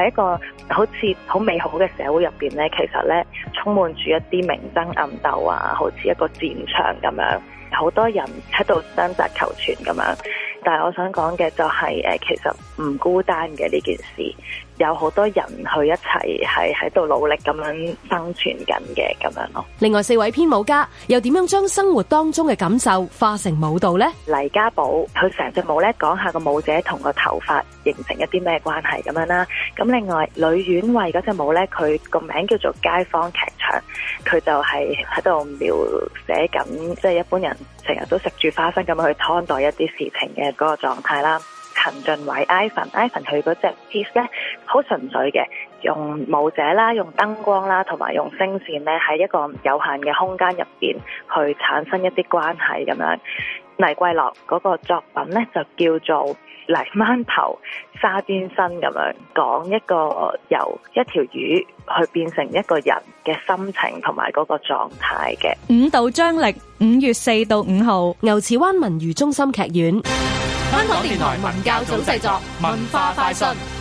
喺一個好似好美好嘅社會入邊咧，其實咧充滿住一啲明爭暗鬥啊，好似一個戰場咁樣。好多人喺度掙扎求存咁樣。但係我想講嘅就係、是、誒，其實唔孤單嘅呢件事，有好多人去一齊係喺度努力咁樣生存緊嘅咁樣咯。另外四位編舞家又點樣將生活當中嘅感受化成舞蹈呢？黎家寶佢成隻舞咧，講下個舞者同個頭髮形成一啲咩關係咁樣啦。咁另外呂遠慧嗰隻舞咧，佢個名叫做《街坊劇》。佢就係喺度描寫緊，即、就、係、是、一般人成日都食住花生咁樣去看待一啲事情嘅嗰個狀態啦。陳俊偉、Ivan、Ivan，佢嗰隻 piece 咧。好純粹嘅用舞者啦，用燈光啦，同埋用聲線咧，喺一個有限嘅空間入邊去產生一啲關係咁樣。黎桂樂嗰個作品咧就叫做《泥灣頭沙邊身》咁樣，講一個由一條魚去變成一個人嘅心情同埋嗰個狀態嘅。五道張力五月四到五號，牛池灣文娛中心劇院。香港電台文教組製作文化快訊。